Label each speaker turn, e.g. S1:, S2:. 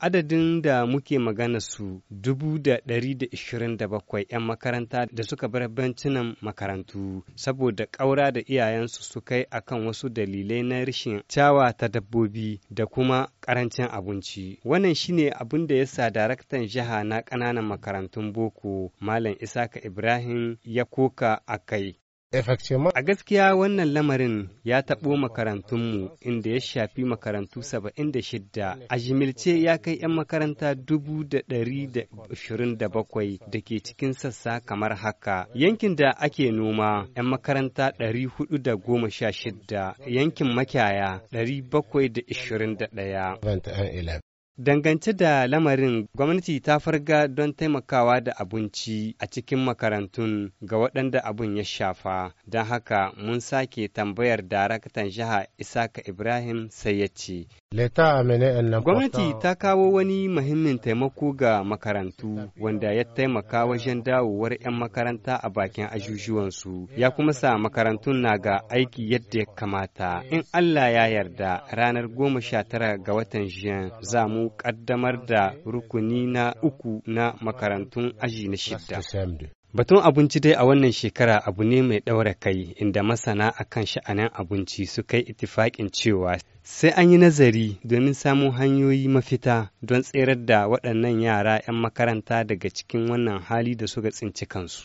S1: Adadin da muke magana su dubu da ɗari da ishirin da bakwai 'yan makaranta da suka bar bencinan makarantu saboda ƙaura da iyayensu su kai akan wasu dalilai na rashin cawa ta dabbobi da kuma ƙarancin abinci. Wannan shine abin da ya sa daraktan jiha na ƙananan makarantun boko Malam Isaka Ibrahim ya koka a kai. A gaskiya wannan lamarin ya taɓo makarantunmu inda ya shafi makarantu 76 a jimilce ya kai 'yan makaranta 127 da ke cikin sassa kamar haka. Yankin da ake noma 'yan makaranta da sha 416 yankin makyaya 721. Dangance da lamarin gwamnati ta farga don taimakawa da abinci a cikin makarantun ga waɗanda abin ya shafa, don haka mun sake tambayar daraktan jiha Isaka Ibrahim sai ya ce. Gwamnati ta kawo wani muhimmin taimako ga makarantu wanda ya taimaka wajen dawowar 'yan makaranta a bakin ajujuwansu ya kuma sa makarantun na ga aiki yadda ya kamata. In Allah ya yarda ranar goma sha tara ga watan Jiyan za mu ƙaddamar da rukuni na uku na makarantun aji na shidda. Batun abinci dai a wannan shekara abu ne mai ɗaura kai inda masana a kan sha'anin abinci suka yi itifaƙin cewa sai an yi nazari domin samun hanyoyi mafita don tserar da waɗannan yara 'yan makaranta daga cikin wannan hali da suka tsinci kansu.